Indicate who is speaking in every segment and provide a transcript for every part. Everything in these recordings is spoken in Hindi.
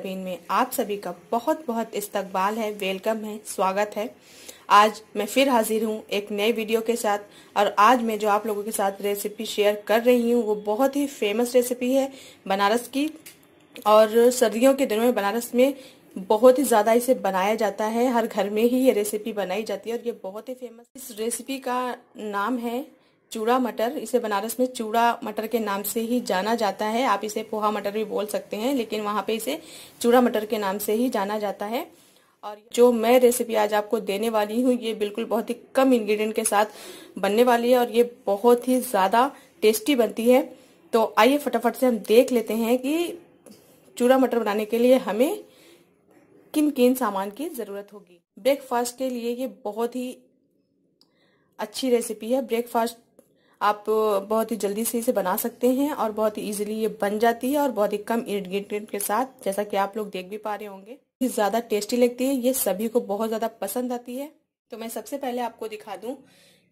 Speaker 1: ज़मीन में आप सभी का बहुत बहुत इस्तकबाल है वेलकम है स्वागत है आज मैं फिर हाजिर हूँ एक नए वीडियो के साथ और आज मैं जो आप लोगों के साथ रेसिपी शेयर कर रही हूँ वो बहुत ही फेमस रेसिपी है बनारस की और सर्दियों के दिनों में बनारस में बहुत ही ज़्यादा इसे बनाया जाता है हर घर में ही ये रेसिपी बनाई जाती है और ये बहुत ही फेमस इस रेसिपी का नाम है चूड़ा मटर इसे बनारस में चूड़ा मटर के नाम से ही जाना जाता है आप इसे पोहा मटर भी बोल सकते हैं लेकिन वहाँ पे इसे चूड़ा मटर के नाम से ही जाना जाता है और जो मैं रेसिपी आज आपको देने वाली हूँ ये बिल्कुल बहुत ही कम इंग्रेडिएंट के साथ बनने वाली है और ये बहुत ही ज़्यादा टेस्टी बनती है तो आइए फटाफट से हम देख लेते हैं कि चूड़ा मटर बनाने के लिए हमें किन किन सामान की ज़रूरत होगी ब्रेकफास्ट के लिए ये बहुत ही अच्छी रेसिपी है ब्रेकफास्ट आप बहुत ही जल्दी से इसे बना सकते हैं और बहुत ही इजीली ये बन जाती है और बहुत ही कम इन्ग्रीडियंट के साथ जैसा कि आप लोग देख भी पा रहे होंगे ज़्यादा टेस्टी लगती है ये सभी को बहुत ज़्यादा पसंद आती है तो मैं सबसे पहले आपको दिखा दूँ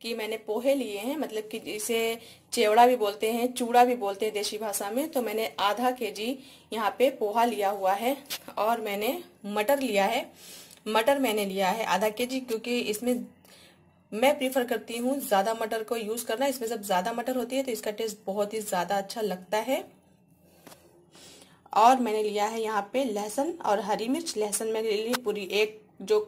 Speaker 1: कि मैंने पोहे लिए हैं मतलब कि इसे चेवड़ा भी बोलते हैं चूड़ा भी बोलते हैं देशी भाषा में तो मैंने आधा के जी यहाँ पे पोहा लिया हुआ है और मैंने मटर लिया है मटर मैंने लिया है आधा के जी क्योंकि इसमें मैं प्रीफर करती हूँ ज़्यादा मटर को यूज़ करना इसमें जब ज़्यादा मटर होती है तो इसका टेस्ट बहुत ही ज़्यादा अच्छा लगता है और मैंने लिया है यहाँ पे लहसुन और हरी मिर्च लहसुन मैंने ले ली पूरी एक जो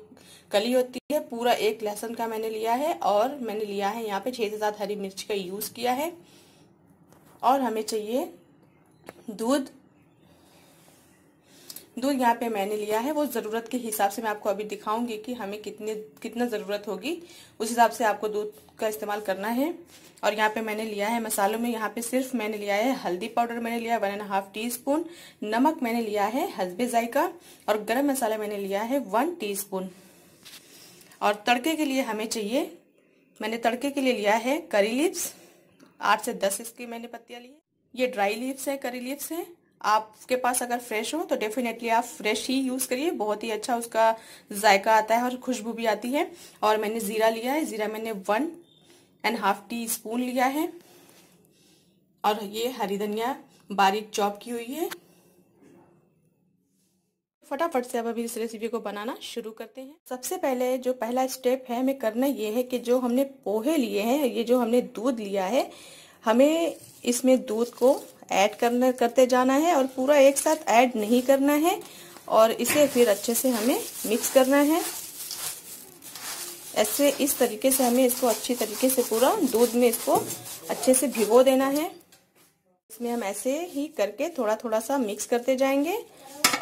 Speaker 1: कली होती है पूरा एक लहसुन का मैंने लिया है और मैंने लिया है यहाँ पे छः से सात हरी मिर्च का यूज़ किया है और हमें चाहिए दूध दूध यहाँ पे मैंने लिया है वो ज़रूरत के हिसाब से मैं आपको अभी दिखाऊंगी कि हमें कितने कितना ज़रूरत होगी उस हिसाब से आपको दूध का इस्तेमाल करना है और यहाँ पे मैंने लिया है मसालों में यहाँ पे सिर्फ मैंने लिया है हल्दी पाउडर मैंने लिया one and half teaspoon नमक मैंने लिया है हसबे जायका और गर्म मसाला मैंने लिया है वन टी स्पून और तड़के के लिए हमें चाहिए मैंने तड़के के लिए लिया है करी लिप्स आठ से दस इसकी मैंने पत्तियां ली ये ड्राई लिप्स है करी लिप्स है आपके पास अगर फ्रेश हो तो डेफिनेटली आप फ्रेश ही यूज़ करिए बहुत ही अच्छा उसका जायका आता है और खुशबू भी आती है और मैंने ज़ीरा लिया है ज़ीरा मैंने one and half teaspoon लिया है और ये हरी धनिया बारीक चॉप की हुई है फटाफट से अब अभी इस रेसिपी को बनाना शुरू करते हैं सबसे पहले जो पहला स्टेप है हमें करना ये है कि जो हमने पोहे लिए हैं ये जो हमने दूध लिया है हमें इसमें दूध को ऐड करना करते जाना है और पूरा एक साथ ऐड नहीं करना है और इसे फिर अच्छे से हमें मिक्स करना है ऐसे इस तरीके से हमें इसको अच्छी तरीके से पूरा दूध में इसको अच्छे से भिगो देना है इसमें हम ऐसे ही करके थोड़ा थोड़ा सा मिक्स करते जाएंगे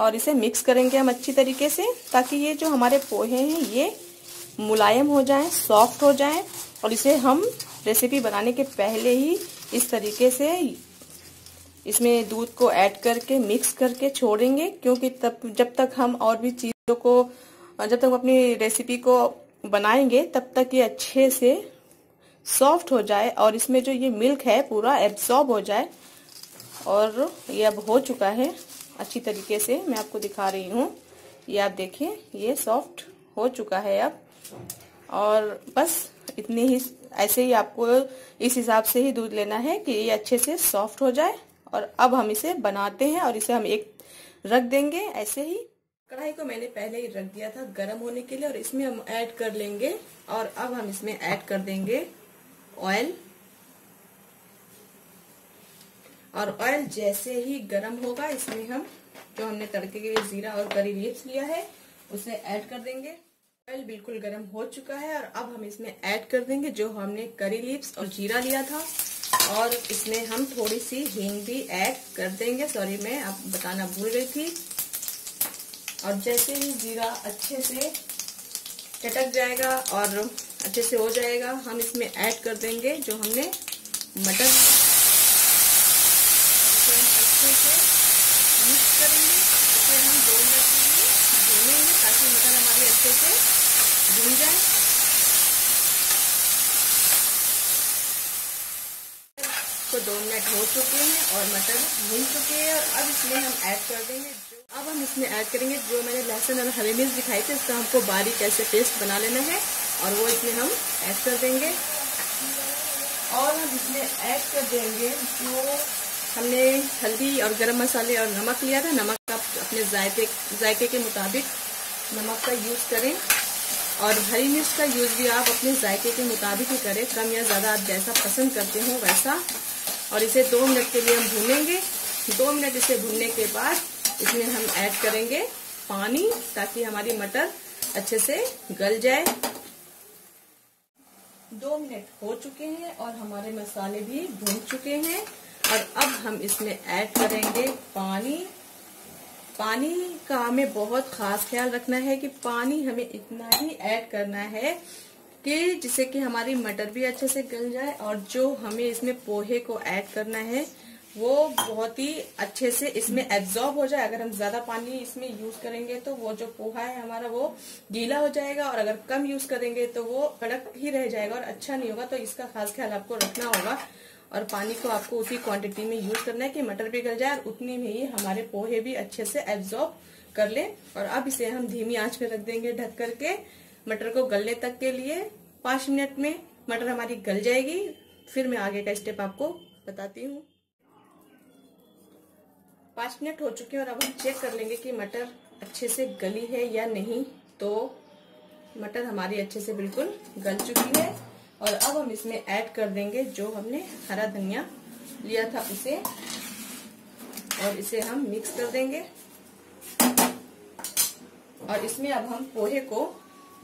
Speaker 1: और इसे मिक्स करेंगे हम अच्छी तरीके से ताकि ये जो हमारे पोहे हैं ये मुलायम हो जाएं सॉफ्ट हो जाएं और इसे हम रेसिपी बनाने के पहले ही इस तरीके से इसमें दूध को ऐड करके मिक्स करके छोड़ेंगे क्योंकि तब जब तक हम और भी चीज़ों को जब तक हम अपनी रेसिपी को बनाएंगे तब तक ये अच्छे से सॉफ्ट हो जाए और इसमें जो ये मिल्क है पूरा एब्जॉर्ब हो जाए और ये अब हो चुका है अच्छी तरीके से मैं आपको दिखा रही हूँ ये आप देखें ये सॉफ्ट हो चुका है अब और बस इतने ही ऐसे ही आपको इस हिसाब से ही दूध लेना है कि ये अच्छे से सॉफ्ट हो जाए और अब हम इसे बनाते हैं और इसे हम एक रख देंगे ऐसे ही कढ़ाई को मैंने पहले ही रख दिया था गर्म होने के लिए और इसमें हम ऐड कर लेंगे और अब हम इसमें ऐड कर देंगे ऑयल और ऑयल जैसे ही गर्म होगा इसमें हम जो हमने तड़के के लिए जीरा और करी लिप्स लिया है उसे ऐड कर देंगे ऑयल बिल्कुल गर्म हो चुका है और अब हम इसमें ऐड कर देंगे जो हमने करी लिप्स और जीरा लिया था और इसमें हम थोड़ी सी हींग भी ऐड कर देंगे सॉरी मैं आप बताना भूल गई थी और जैसे ही जीरा अच्छे से चटक जाएगा और अच्छे से हो जाएगा हम इसमें ऐड कर देंगे जो हमने मटर हम अच्छे से मिक्स करेंगे हम दो मिनट के लिए ताकि मटर हमारी अच्छे से धुल जाए दो मिनट हो चुके हैं और मटर भून चुके हैं और अब इसमें हम ऐड कर देंगे अब हम इसमें ऐड करेंगे जो मैंने लहसुन और हरी मिर्च दिखाई थी इसका हमको बारीक ऐसे पेस्ट बना लेना है और वो इसमें हम ऐड कर देंगे और हम इसमें ऐड कर देंगे जो हमने हल्दी और गर्म मसाले और नमक लिया था नमक आप अपने जायके के मुताबिक नमक का यूज़ करें और हरी मिर्च का यूज़ भी आप अपने जायके के मुताबिक ही करें कम या ज़्यादा आप जैसा पसंद करते हो वैसा और इसे दो मिनट के लिए हम भूनेंगे दो मिनट इसे भूनने के बाद इसमें हम ऐड करेंगे पानी ताकि हमारी मटर अच्छे से गल जाए दो मिनट हो चुके हैं और हमारे मसाले भी भून चुके हैं और अब हम इसमें ऐड करेंगे पानी पानी का हमें बहुत खास ख्याल रखना है कि पानी हमें इतना ही ऐड करना है कि जिससे कि हमारी मटर भी अच्छे से गल जाए और जो हमें इसमें पोहे को ऐड करना है वो बहुत ही अच्छे से इसमें एब्जॉर्ब हो जाए अगर हम ज्यादा पानी इसमें यूज करेंगे तो वो जो पोहा है हमारा वो गीला हो जाएगा और अगर कम यूज करेंगे तो वो कड़क ही रह जाएगा और अच्छा नहीं होगा तो इसका खास ख्याल आपको रखना होगा और पानी को आपको उसी क्वांटिटी में यूज करना है कि मटर भी गल जाए और उतने में ही हमारे पोहे भी अच्छे से एब्जॉर्ब कर ले और अब इसे हम धीमी आंच पे रख देंगे ढक करके मटर को गलने तक के लिए पांच मिनट में मटर हमारी गल जाएगी फिर मैं आगे का स्टेप आपको बताती हूँ पांच मिनट हो चुके हैं और अब हम चेक कर लेंगे कि मटर अच्छे से गली है या नहीं तो मटर हमारी अच्छे से बिल्कुल गल चुकी है और अब हम इसमें ऐड कर देंगे जो हमने हरा धनिया लिया था उसे और इसे हम मिक्स कर देंगे और इसमें अब हम पोहे को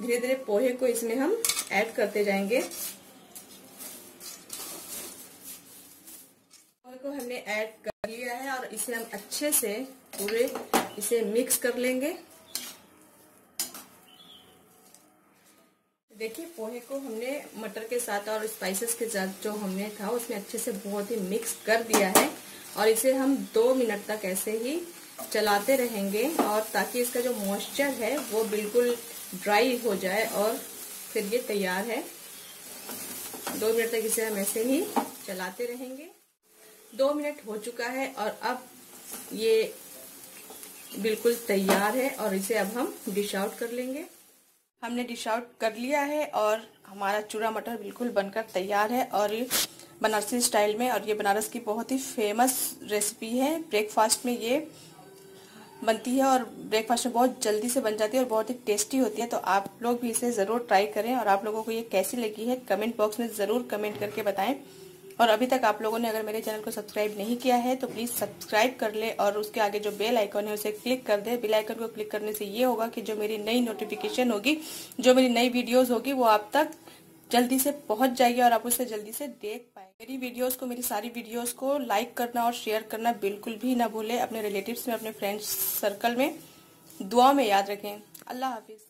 Speaker 1: धीरे धीरे पोहे को इसमें हम ऐड करते जाएंगे पोहे को हमने ऐड कर लिया है और इसे हम अच्छे से पूरे इसे मिक्स कर लेंगे देखिए पोहे को हमने मटर के साथ और स्पाइसेस के साथ जो हमने था उसमें अच्छे से बहुत ही मिक्स कर दिया है और इसे हम दो मिनट तक ऐसे ही चलाते रहेंगे और ताकि इसका जो मॉइस्चर है वो बिल्कुल ड्राई हो जाए और फिर ये तैयार है दो मिनट तक इसे हम ऐसे ही चलाते रहेंगे दो मिनट हो चुका है और अब ये बिल्कुल तैयार है और इसे अब हम डिश आउट कर लेंगे हमने डिश आउट कर लिया है और हमारा चूड़ा मटर बिल्कुल बनकर तैयार है और बनारसी स्टाइल में और ये बनारस की बहुत ही फेमस रेसिपी है ब्रेकफास्ट में ये बनती है और ब्रेकफास्ट में बहुत जल्दी से बन जाती है और बहुत ही टेस्टी होती है तो आप लोग भी इसे ज़रूर ट्राई करें और आप लोगों को ये कैसी लगी है कमेंट बॉक्स में ज़रूर कमेंट करके बताएं और अभी तक आप लोगों ने अगर मेरे चैनल को सब्सक्राइब नहीं किया है तो प्लीज़ सब्सक्राइब कर ले और उसके आगे जो बेल आइकन है उसे क्लिक कर दे बेल आइकन को क्लिक करने से ये होगा कि जो मेरी नई नोटिफिकेशन होगी जो मेरी नई वीडियोज़ होगी वो आप तक जल्दी से पहुंच जाएगी और आप उसे जल्दी से देख पाए मेरी वीडियोस को मेरी सारी वीडियोस को लाइक करना और शेयर करना बिल्कुल भी ना भूले अपने रिलेटिव्स में अपने फ्रेंड्स सर्कल में दुआ में याद रखें अल्लाह हाफिज़